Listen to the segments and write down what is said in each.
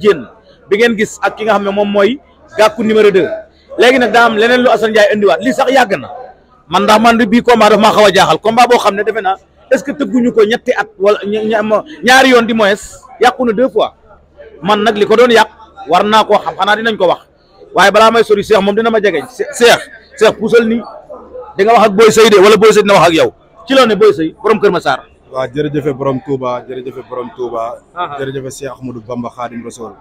Diène bi ngeen gis ak ki nga xam ne moom mooy gàkku numéro 2 léegi nag daa am leneen lu Assane Ndiaye indiwaat li sax yàgg na man ndax man bii combat daf maa xaw a jaaxal combat boo xam ne defe naa est-ce que tëgguñu ko ñetti at wala ñaari yoon di moins yàqu na deux fois man nag li ko doon yàq war naa koo xam xanaa dinañ ko wax waaye balaa may sori Cheikh moom dina ma jegeñ Cheikh Cheikh puusal ni di nga wax ak Boy Seye de wala Boy Seye dina wax ak yow ci loo ne Boy Seye borom Kër Massar waaw jërëjëfe borom Touba jërëjëfe borom Touba jërëjëfe Cheikh Ahmadou Bamba Khadim Rasoul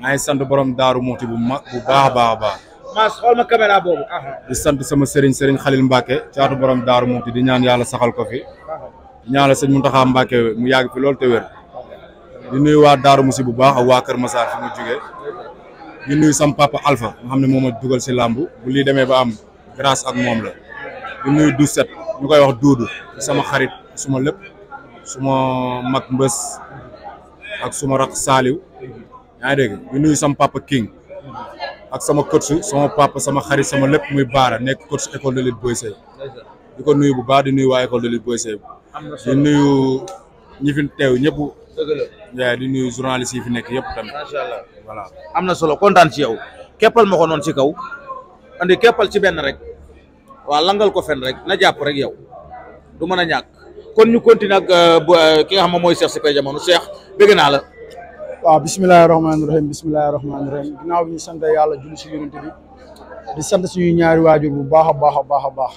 maa ngi sant borom Daaru Muxti bu mag bu baax a baax a baax maas xool ma sant sama sëriñ sëriñ Xalil Mbàkke caatu borom Daaru Muxti di ñaan yàlla saxal ko fi di ñaanal mu taxa Mbàkke mu yàgg fi loolu te wér di nuyu waa Daaru Muxti bu baax a waa Kër Massar fi mu jógee di nuy sam papa Alpha nga xam ne moom a dugal si làmb bu lii demee ba am grâce ak moom la di koy wax duudu sama xarit suma lépp suma mag mbës ak suma rak saaliw yaa ngi dégg ñu nuyu sama papa King ak sama coach sama papa sama xarit sama lépp muy baara nekk coach école de lutte Boy Seye nuyu bu baax di nuyu waa école de lutte Boy Seye di nuyu ñi fi teew ñëpp yaa di nuyu journaliste yi fi nekk yëpp tamit voilà am na solo kontaan ci yow keppal ma ko ci kaw andi keppal ci benn rek waa langal ko fen rek na jàpp rek yow du mën a kon ñu continuer ak euh, euh, ki nga xam moom mooy Cheikh Super Jamono Cheikh bëgg naa la. waaw bisimilah rahmaani rahiim bisimilah rahmaani rahiim ginnaaw bi ñu sant yàlla julli si yonent bi sant suñuy ñaari waajur bu baax a baax a baax a baax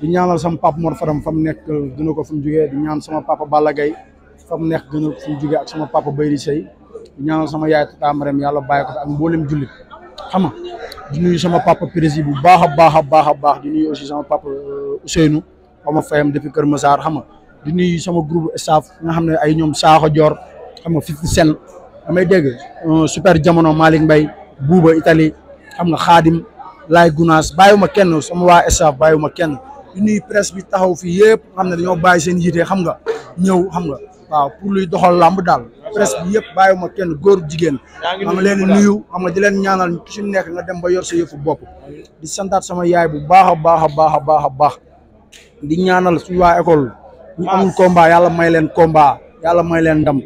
di ñaanal sama papa Mor Fadam fa mu nekk gën a ko fu mu jugee di ñaan sama papa Balla Gaye fa mu nekk gën a ko fu mu jugee ak sama papa Bayri Sey di ñaanal sama yaay Tamareem yàlla bàyyi ko fi ak mboolem jullit xam nga sama papa président bu baax a baax a baax a baax di nuyu aussi sama papa euh, Ousseynou ba fayam depuis Kër Massar xam nga di sama group staff nga xam ne ay ñoom Sakho Dior xam nga Fifty Cent damay dégg euh, super jamono Malick Mbaye Bouba Italie xam nga Xaadim Laay Gunaas bàyyiwuma kenn sama waa staff bàyyiwuma kenn di nuyu presse bi taxaw fii yëpp xam ne dañoo bàyyi seen yiite xam nga ñëw xam nga waaw pour luy doxal làmb daal presse bi yëpp bàyyiwuma kenn góor jigéen xam nga leen nuyu xam nga di leen ñaanal ku si nekk nga dem ba yor sa yëfu bopp di santaat sama yaay bu baax a baax a baax a baax a baax di ñaanal suñu waa école ñu amul combat yàlla may leen combat yàlla may leen ndam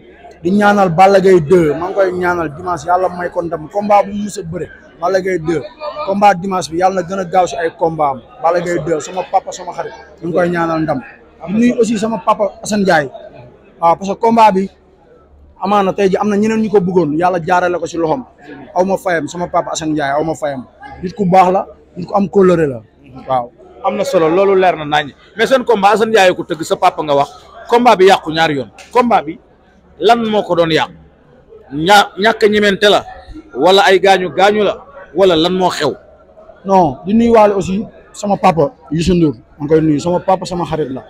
di ñaanal bala Gaye 2 maa koy ñaanal dimanche yàlla may ko ndam combat bu mu mës a bëre Balla Gaye 2 combat dimanche bi yàlla na gën a gaaw si ay combat am Balla Gaye sama papa sama xarit ñu koy ñaanal ndam am nuyu aussi sama papa Assane Ndiaye waaw parce que combat bi amaana tey ji am na ñeneen ñu ko bëggoon yàlla jaarale ko si loxoom aw ma fayam sama papa Assane Ndiaye aw ma fayam nit ku baax la nit ku am kóllëre la waaw am na solo loolu leer na nañ mais seen combat Assane Ndiaye ko tëgg sa papa nga wax combat bi yàqu ñaar yoon combat bi lan moo ko doon yàqu ñaa ñàkk a la wala ay gaañu gaañu la wala lan moo xew. non di nuyuwaale aussi sama papa Youssou Ndour ma nuyu sama papa sama xarit la.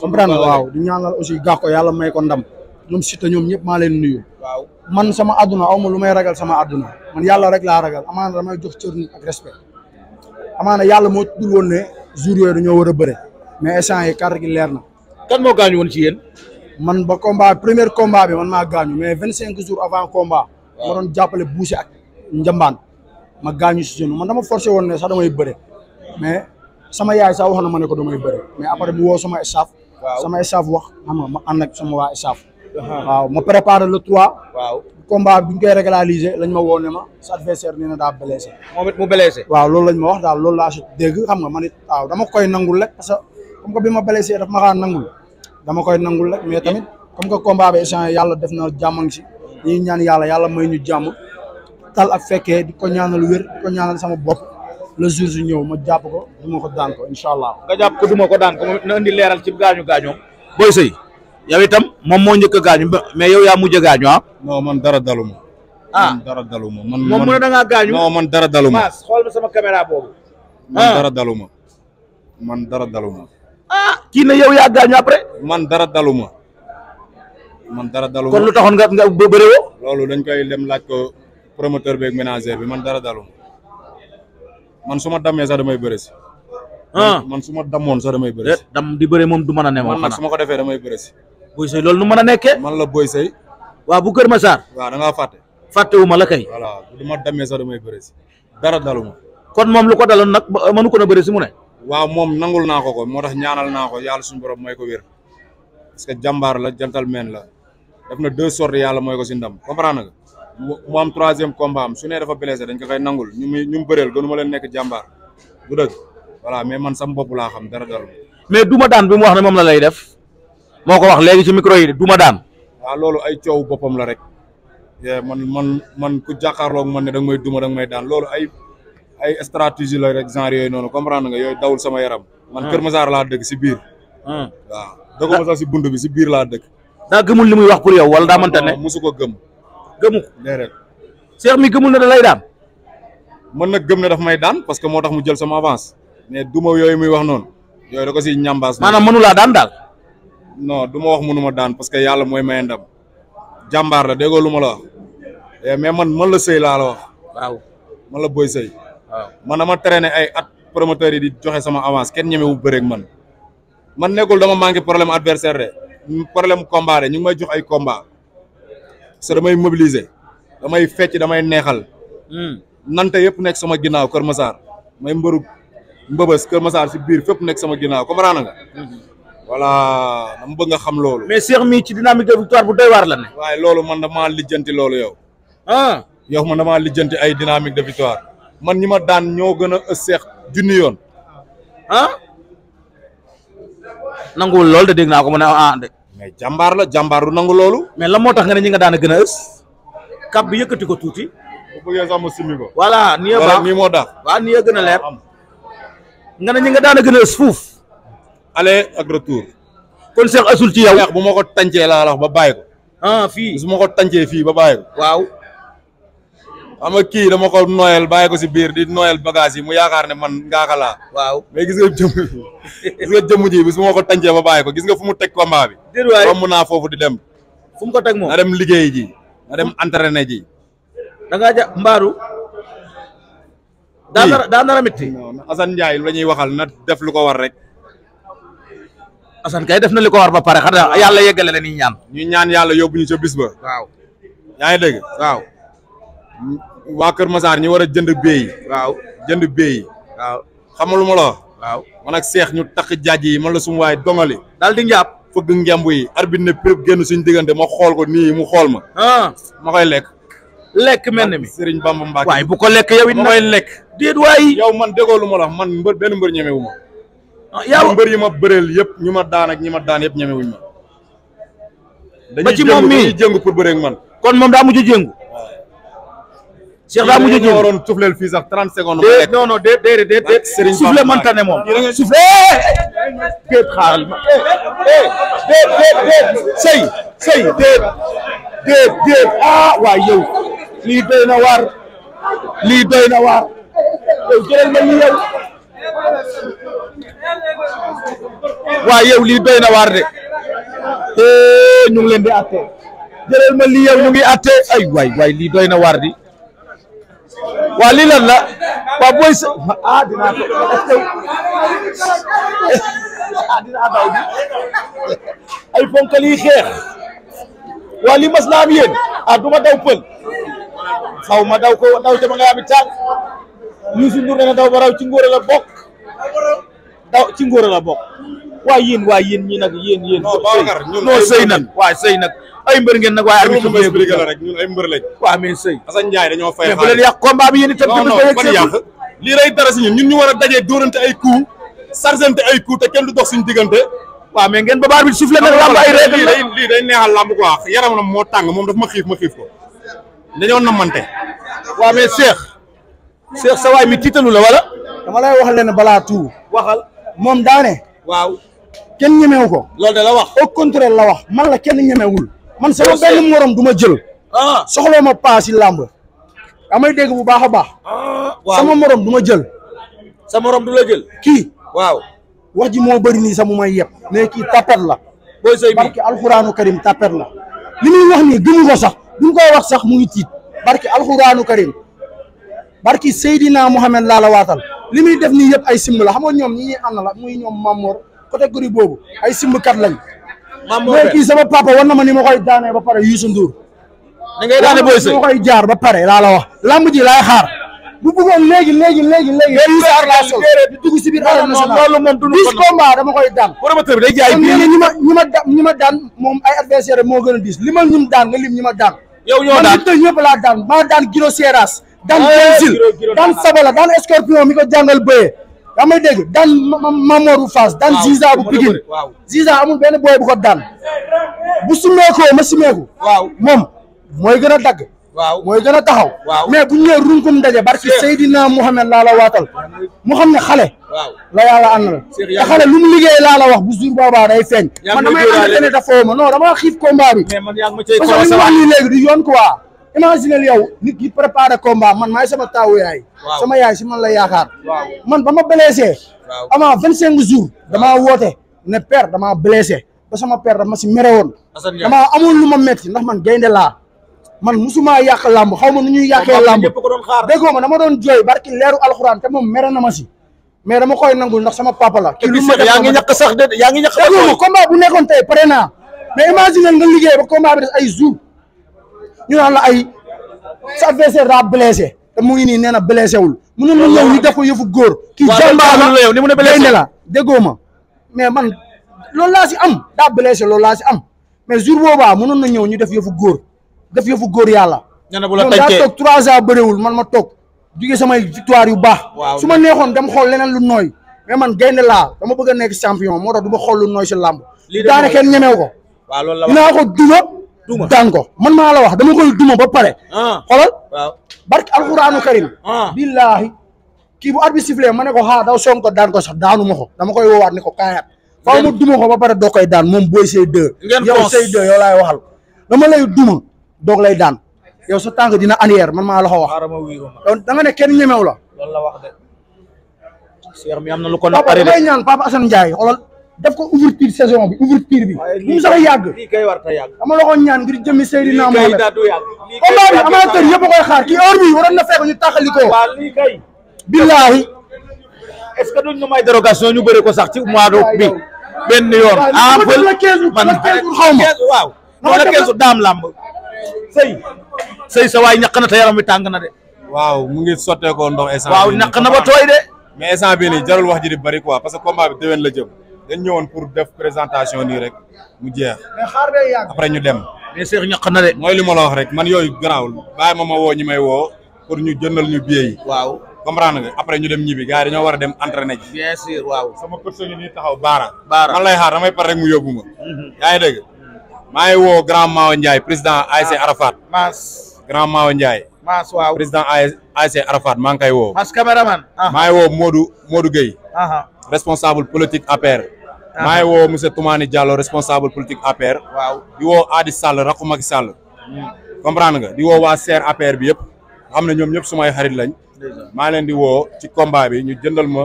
comprendre waaw di ñaanal aussi gàkko yàlla may ko ndam ñoom Siteu ñoom ñëpp maa leen nuyu. waaw man sama àdduna aw ma lu may ragal sama àdduna man yàlla rek laa ragal amaana damay jox cër nit ak respect amaana yàlla moo tuddul jour yooyu dañoo war a bëre mais échange yi carte gi leer na. kan moo gaañu woon ci yéen. man ba combat premier combat bi man maa gaañu mais vingt cinq jours avant combat. ma doon jàppale Boucher ak Njambaan ma gaañu si suñu man dama forcé woon ne sax damay bëre mais sama yaay sax wax na ma ne ko damay bëre mais après mu woo sama staff. sama staff wax ma ànd ak sama waa staff. ma préparé le trois. combat bi ñu koy régulariser lañ ma woo ne ma sa adversaire nee daa blessé. moom it mu blessé. waaw loolu lañ ma wax daal loolu laa si dégg xam nga man it waaw dama koy nangul rek parce que comme ma blessé daf ma xaa nangul dama koy nangul rek mais tamit comme que combat bi échange yàlla def na jàmm si ñuy ñaan yàlla yàlla may ñu jàmm tal ak fekkee di ko ñaanal wér di ko ñaanal sama bopp le jour su ñëw ma jàpp ko duma ko daan ko incha allah. nga jàpp ko duma ko daan ko na indi leeral ci gaañu gaañoom. Boy Seye. yow itam moom moo njëkk a gaañu mais yow yaa mujj a gaañu ah. non man dara daluma. ah man dara daluma man moom mu ne da ngaa gaañu non man dara daluma. Mass xool sama caméra boobu. man ah. dara daluma. man dara daluma. ah kii na yow yaa gaañu après. man dara daluma. man dara daluma kon lu taxoon nga nga bëre loolu dañ koy dem laaj ko promoteur beeg ménager bi man dara daluma. man su ma dammee sax damay bëre si. Ah. man su ma dammoon sax damay bëre eh, si. di bëre moom du mën a ne ma. man su ma ko defee damay bëre Boy Seye loolu nu mën a nekkee. man la Boy Seye. waaw bu Kër Massar. waaw da ngaa fàtte. fàttewu ma la kay. voilà du ma demee sax damay bëre si. dara daluma. kon moom lu ko daloon nag mënu ko na bëre si mu ne. waaw moom nangul naa ko ko moo tax ñaanal naa ko yàlla suñu borom mooy ko wér parce que jàmbaar la jantal meen la def na deux sortes yàlla mooy ko si ndam comprendre nga. mu am troisième combat ne dafa blessé dañ ko koy nangul ñu muy ñu mu bëreel ma leen nekk jàmbaar du dëgg voilà mais man sam bopp laa xam dara daluma. mais bi mu wax ne moom la lay def. moo ko wax léegi ci micro yi du ma daan. waaw loolu ay coow boppam la rek man man man ku jàkkaarloog man ne danga may duma danga may daan loolu ay ay stratégie la rek genre yooyu noonu comprendre nga yooyu dawul sama yaram. man ah. Kër saar laa dëkk si biir. Ah. waaw dëkk Masar si bund bi si biir laa dëkk. daa gëmul li muy wax pour yow wala daa mënta ne. mosu ko gëm. gëmu ko déedéet. Cheikh mi gëmul ne da lay daan. mën na gëm ne daf may daan parce que moo tax mu jël sama avance mais duma yooyu muy wax noonu yooyu da ko siy maanaam mënu laa daan daal. non du ma wax mënuma daan parce que yàlla mooy may ndam jàmbaar la déggoo lu ma la wax eh, mais man man la sëy laa la wax waaw man la boy sëy waaw ma dama traîné ay at promoteur yi di joxe sama avance kenn ñeme wu bëreeg man man nekkul dama manqué problème adversaire de problème combat de ñu ngi may jox ay combat so damay mobiliser damay fecc damay neexal hmm. nante yëpp nekk sama ginnaaw Kër Massar may mbëru mbëbës Kër Massar si biir fépp nekk sama ginnaaw comprendre nga hmm. voilà dama bëgg nga xam loolu. mais Cheikh mi ci dynamique de victoire bu doy waar la waaye loolu man damaa lijjanti loolu yow. ah yow man damaa lijjanti ay dynamique de victoire man ñi ma daan ñoo gën a ës Cheikh junni yoon. ah. nanguwul loolu de dégg naa ko mu ne ah, ah de. mais jàmbaar la jàmbaar du nangu loolu. mais lan moo tax nga ne ñi nga daan a gën a ës. kàb bi yëkkati ko tuuti. bu bëggee sax ma simmi ko. voilà nii moo daax. waaw nii moo gën a leer. nga ne ñi nga daan a gën a ës fuuf. aller ak kon Cheikh asul ci yow. bu ma ko tàncee laa ba bàyyi ko. ah fii su ma ko tàncee fii ba bàyyi ko. waaw. xam nga kii dama ko noyal bàyyi ko si biir di noyal bagage yi mu yaakaar ne man ngaaka waaw mais gis nga jëmm gis nga jëmm ji bi su ma ko tàncee ba bàyyi ko gis nga fu mu teg combat bi. déedéet waay romb naa foofu di dem. fu mu ko teg moom na dem liggéey ji. na dem entraîné ji. da ngaa ja mbaaru. daa nar a daa nar la ñuy waxal na def lu ko war rek. Assane kay def na li ko war ba pare xanaa yàlla yeggale la ñuy ñaan. ñu ñaan yàlla yóbbu ñu ca bis ba. waaw yaa ngi dégg. waaw. waa Kër Massar ñu war a jënd béy. waaw jënd béy. waaw xamalu ma la. waaw man seex ñu takk jaaj yi man la sumu waay dongali. daal di njàpp fëgg ngemb yi. arbitre ne pépp génn suñu diggante ma xool ko nii mu xool ma. ma koy lekk. lek mel ni mi Serigne Bamba Mbacke. waay bu ko lekk yow it. ma lekk. déet yow man déggoo lu ma la man mbër benn mbër ñeme wu Ah, yow mbër yi ma bëreel yëpp ñu ma daan ak ñi ma daan yëpp ñemewuñ ma. ba ci moom mii dañuy jëngu pour bëree ak man. kon moom daa mujj jëngu. Cheikh daa mujj jëngu waroon soufflé fii sax 30 secondes. déet non non déet man tane moom. soufflé déet xaaral ma. déet déet déet sëy sëy déet déet ah, lii doy na waar lii doy na waar yow jëlal ma lii yow. waa yow lii doy na waar de eh, ñu ngi leen di atte jëlal ma lii yow ñu ngi atte ay waay waay lii doy na waar di waa lii lan la waa booy sa dinaa ko ah dinaa daw ah, ay ponkal xeex waa lii mas naa am yéen ah ma daw pël xaw ma daw ko daw te ma nga yaami tànk na daw ba raw ci ngóor la bokk daw ci ngóor a bokk waaye yéen waaye yéen ñi nag yéen yéen non sëy nan waaye sëy nag ay mbër ngeen nag waaye arbitre bi expliqué la rek ñun ay mbër lañ waaw mais sëy Assane si ñun ñu war a dajee dóorante ay coup sargente ay coup te kenn du dox suñu diggante waaw mais ngeen ba baar bi soufflé na lamb ay règle lii day lii day neexal lamb quoi yaram na moo tàng moom daf ma xiif ma xiif ko dañoo namante waaw mais Cheikh Cheikh sa waay mi tiitalu la wala dama lay wax leen balaa tout moom daane. waaw kenn ñemewu ko. loolu de la wax au contraire la wax man la kenn ñemewul. man sama benn morom du ma jël. Ah. soxla ma paa si làmb. amay dégg bu baax a baax. Ah, sama morom du ma jël. sa morom du la jël. kii waaw. wax ji moo bëri nii sax mu may yeb. mais kii tapet la. booy sëy bi barki alxuraanu karim tapet la. li muy wax nii gëmu ko sax bu ñu koy wax sax mu ngi tiit barki alxuraanu karim barki Seydina na laa la waatal. li muy def nii yëpp ay simb la xam nga ñoom ñi ñuy ànd la muy ñoom Mamor catégorie boobu ay kat lañ. Mamor mais kii sama papa war ma ni ma koy daanee ba pare Youssou Ndour. da jaar ba pare laa la wax. lamb ji laay xaar. bu bëggoon léegi léegi léegi léegi. Youssou Ndour laa sol daan. ma ñi ma daan ñi moom ay adversaire moo gën a diis li ma ñum daan nga lim ñi ma daan. yow ñoo daan man ñëpp laa daan maa daan Guiro daan Denzil daan Sabala daan Scorpion mi ko jàngal bëyee yaa may dégg daan Mamor bu Fass daan Ziza bu Pikine Ziza amul benn booy bu ko daan bu sumeekoo ma sumeeku moom mooy gën a dagg waaw mooy gën a taxaw. mais bu ñu ñëwee runkum ndaje barki Seydina Mouhamed laa la waatal xam ne xale. la yàlla àndal te xale lu liggéey laa wax bu jour boobaa day feeñ. man damay ànd ne dafoo ma dama xiif combat bi. mais man yaa du yoon quoi. imaginez yow nit ki préparé combat man maay sama taawu yaay. sama yaay si man la yaakaar. man ba ma blessé. avant vingt cinq jours damaa woote ne père damaa blessé ba sama père daf ma si mere woon. damaa amul lu ma metti ndax man gaynde laa man musuma yàq làmb xaw ma nu ñuy yàqee làmb déggoo ma dama doon jooy barki leeru alxuraan te moom mere na ma si mais dama koy nangul ndax sama papa la kii lu ma yaa ngi ñàkk sax de yaa ngi ñàkk combat bu nekkoon tey pare naa mais imagine nga liggéey ba combat ñu naan ay sa adversaire daa blessé te mu ngi nii nee na blessé wul. mënoon na ñëw ñu def ko yëfu góor. kii jàmbaar la ni mu ne blessé la déggoo ma mais man loolu laa si am daa blessé loolu laa si am mais jour boobaa mënoon na ñëw ñu def yëfu góor def fu góor yàlla. ñu ne bu la daa toog trois ans bëriwul man ma toog jugee samay victoire yu baax. waaw su ma neexoon dem xool leneen lu nooy. mais man gaynde laa dama bëgg nekk champion moo tax du ma xool lu nooy si làmb. lii daanaka kenn ñemew ko. waaw loolu daan ko man maa la wax dama koy duma ba pare. Ah. xoolal. waaw barke alxuraanu karim. Ah. Ah. billaahi kii bu arbitre sifflé ma ne ko xaa daw soog ko daan ko sax daanu ma ko dama koy woowaat ne ko kaayaat. faaw duma ko ba pare doo koy daan moom booy say deux. yow say deux yow laay waxal. dama lay duma doog lay daan yow sa tànk dina arrière man ma la ko wax. donc da nga ne kenn ñemew la. loolu la wax de. ko naqari daf ko ouverture saison bi ouverture bi. waaye lii sax yàgg lii kay war ta yàgg. ama loxo ñaan ngir jëmmi Seydina Mohamed. lii kay daa du yàgg. lii kay daa a koy xaar ki heure bii waroon na fekk ñu taxali ko. waaw lii ce que duñ ñu may dérogation ñu bëri ko sax ci mois d'août bi. benn yoon ah man la 15 man xaw sa ñaq na te yaram wi tàng na de. waaw mu ngi sotteekoo ndox. instant bii na ba tooy de. mais instant bii nii jarul wax ji di bëri quoi parce que combat bi déwén la jëm dañ ñëwoon pour def présentation nii rek mu jeex. mais xaar après ñu dem. mais Cheikh ñaq na de. mooy li ma la rek man yooyu garaawul bàyyi ma ma woo ñi may woo pour ñu jëndal ñu billet waaw comprendre nga après ñu dem ñibi gars yi dañoo war a dem entraîner ji. bien sûr waaw. sama personne yi nii taxaw Baara. Baara man lay xaar damay par rek mu yóbbu ma. Mhm. yaa ngi dégg maa ngi woo grand Mawa Ndiaye président ASC ah. Arafat. Maas grand Mawa Ndiaye. président ASC ASC Arafat maa ngi koy woo. as caméraman. Ah. maa ngi woo Modou Modou Gueye. Ah, ah. responsable politique APR. maa ngi woo monsieur Toumani Diallo responsable politique APR. waaw di woo Adi Sall rakku Macky Sall. Hmm. comprendre nga di woo waa SER APR bi yëpp. xam ne ñoom ñëpp sumay xarit lañ. maa leen di woo ci combat bi ñu jëndal ma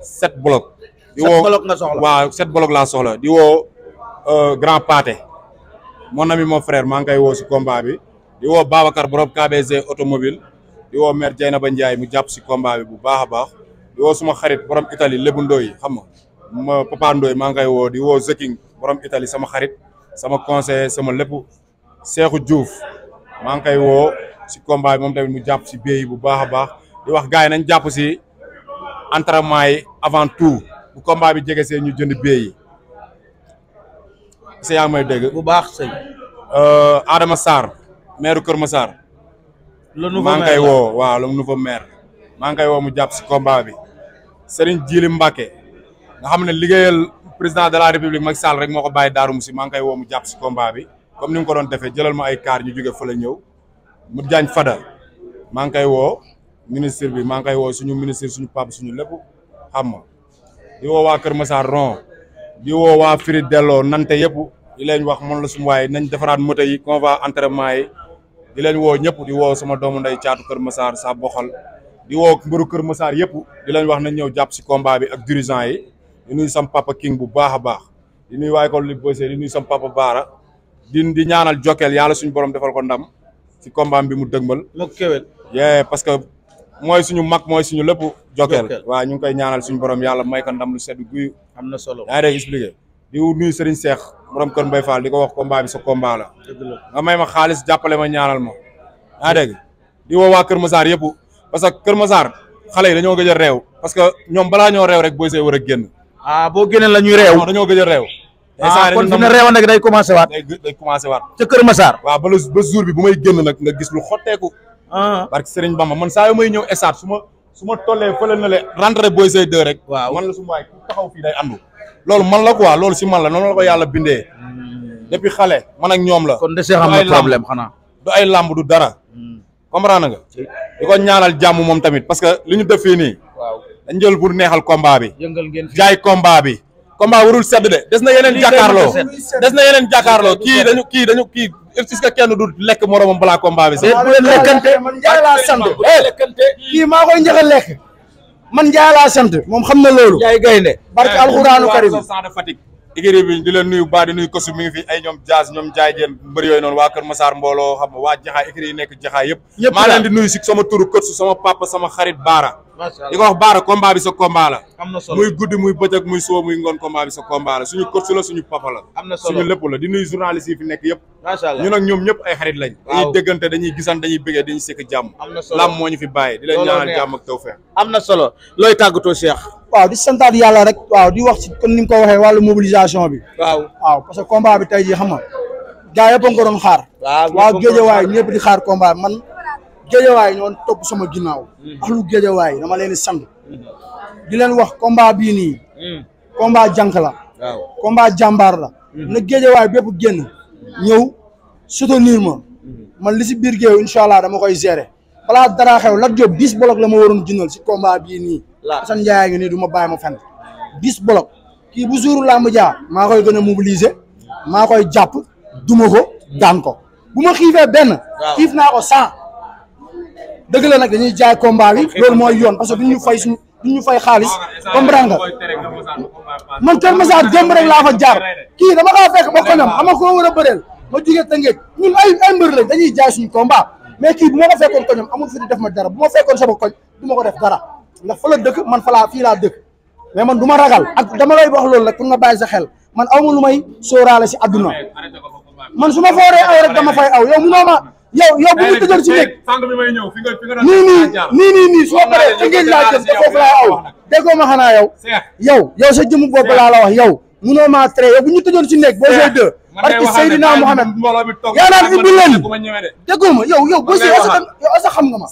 sept bloc. di woo sept bloc nga soxla waaw di woo euh, grand pâté. mon ami mon frère maa ngi koy woo si combat bi. di woo Babacar borom KBZ automobile di woo maire Dieynaba Ndiaye mu jàpp si combat bu baax a baax di woo suma xarit borom Italie Lébu Ndoye xam nga ma Papa Ndoye maa ngi koy woo di woo Zeking borom itali sama xarit sama conseiller sama lépp Cheikhou juuf maa ngi koy woo si combat moom tamit mu jàpp si béy bu baax a baax di wax gars yi nañ jàpp si entraînement yi avant tout bu combat bi jege see ñu jënd béy yi. sa yaa dégg bu baax sëñ euh, Adama Sarr maire Kër Massar. le nouveau woo waaw le nouveau maire maa ngi koy woo mu jàpp si combat bi Serigne Djili Mbacké nga xam ne liggéeyal président de la république Macky saal rek moo ko bàyyi Darou Moussi maa woo mu jàpp si combat bi comme ni ko doon defee jëlal ma ay kaar ñu jóge fa la ñëw mu jaañ Fada maa ngi koy woo ministre bi maa ngi koy woo suñu ministre suñu pap suñu lépp xam ma di woo waa Kër Massar ron bi woo waa Firi delloo nante yëpp di leen wax moom la suñu waaye nañ defaraat moto yi convoi yi. di leen woo ñëpp di woo sama doomu nday caatu Kër Massar sa boxal di woo mbëru Kër Massar yëpp di leen wax nañ ñëw jàpp si combat bi ak dirigeant yi di nuyu sam papa king bu baax a baax di nuyu waa école li bossé di nuyu sam papa baara di di ñaanal Jokal yàlla suñu borom defal ko ndam si combat bi mu dëgmal. moog Kewel. yee parce que mooy suñu mag mooy suñu lépp. Jokal waa ñu ngi koy ñaanal suñu borom yàlla may ko ndam lu sedd guy. am na solo yaa ngi expliqué di nuyu Serigne borom kër Mbaye Fall di ko wax combat bi sa combat la. nga may ma xaalis jàppale ma ñaanal ma. yaa dégg di woo waa Kër Masar yëpp parce que Kër masaar xale yi dañoo gëj a réew parce que ñoom balaa ñoo réew rek booy see war a génn. ah boo génneel la reew réew. dañoo gëj a réew. a ah, kon fi mu ne réewoon nag day commencé waat. day day commencé waat. ca Kër Masar. waaw ba ba jour bi bu may génn nag nga gis lu xotteeku. parce ah. que Serigne Bamba man saa yu may ñëw esaat su ma su ma tollee fële le rentré booy see deux rek. waaw man la su ma waay ku taxaw fii loolu man la quoi loolu si man la noonu la ko yàlla bindee depuis xale man ak ñoom la. kon dese xanaa ay làmb du dara. Hmm. comprendre nga. di ko ñaanal jàmm moom tamit parce que li ñu def fii nii. waaw dañ neexal combat bi. yëngal ngeen jaay combat bi. combat sedd de des na yeneen jàkkaarloo des na yeneen jàkkaarloo kii dañu kii dañu kii est-ce kenn du lekk moromam balaa combat bi. Eh, bu leen eh, kii maa koy njëkk a man Ndiaye la sant moom xam na loolu. Ndiaye gaynde barke eh, alxuraanu karim igéri bi di leen nuyu baa di nuyu kosu mi ngi ay ñoom jaas ñoom jaay jeen mbër yooyu wa waa Kër Masaar mbooloo xam nga waa jaxaay igéri nekk jaxaay yëpp maa leen di nuyu si sama turu kër sama papa sama xarit baara di ko wax baara combat bi sa combat la. am muy guddi muy bëccëg muy soo muy ngoon combat bi sa combat la suñu coach la suñu papa la. am na lépp la di nuyu journaliste yi fi nekk yëpp. macha allah ñoom ñëpp ay xarit lañ. dañuy déggante dañuy gisaan dañuy sekk jàmm. lam moo ñu fi bàyyi di leen ñaanal jàmm ak tawfeex. am na solo looy tàggatoo Cheikh. waaw di santaat yàlla rek. waaw di wax ci ni ko waxee wàllu mobilisation bi. waaw waaw parce bi tey jii xam gaa yëpp a géejawaay ñoo topp sama ginnaaw mm-hmm. axlu géejawaay dama leen di sant mm-hmm. di leen wax combat bii nii mm-hmm. combat jànk la combat jàmbaar la na géejawaay bépp génn ñëw soutenir ma man li si biir géew incha allah dama koy gérer balaa dara xew Lat Diop dix bolok la ma waroon jëndal si combat bii nii Assane Ndiaye ngi nii du ma bàyyi ma fenn dix bolok kii bu jour làmb jaa maa koy gën a mobiliser maa koy jàpp duma ko daan ko bu benn xiif naa ko cent dëgg la nag dañuy jaay combat bi loolu mooy yoon parce que duñu fay suñu xaalis comprendre man Kër Massar démb rek laa fa jaar kii dama kaa fekk ba xonam ama koo war a bëreel ma jugee Tëngéej ñun ay mbër lañ dañuy jaay suñu combat mais kii bu ma ko fekkoon koñam amul fi di def ma dara bu ma fekkoon sama koñ du ma ko def dara ndax fa la dëkk man fa la fii laa dëkk mais man du ma ragal ak dama lay wax loolu rek pour nga bàyyi sa xel man aw ma lu may sóoraale si àdduna man su ma fooree aw yow yow bu ñu tëjal ci néeg nii nii nii nii nii soo paree ca ngeen laa jëm te foofu aw déggoo ma xanaa yow yow yow sa jëmu bopp laa la wax yow munoo maa tere yow bu ñu tëjoon ci néeg boo sey deux barki Seydina Muhammad yaa naan ubbi leen déggoo ma yow boo sey asa yow nga ma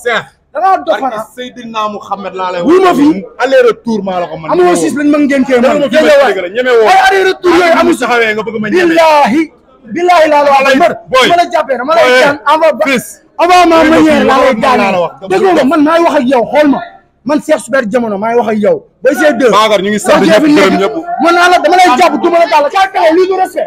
da ngaa dox xanaa ma fi aller retour maa la ko man amoo siis lañ ma ngeen kee man ay aller retour yooyu amul saxawee nga bëgg ma ñeme billahi billahi laa la wax mbër ma la jàppee dama lay daan avant avant ma manière laa lay man maay wax ak yow xool ma man Cheikh Super Diamono maay wax ak yow. Boy Seye 2 ñu ngi sant ñëpp gërëm ñëpp. naa la dama lay jàpp duma la daal la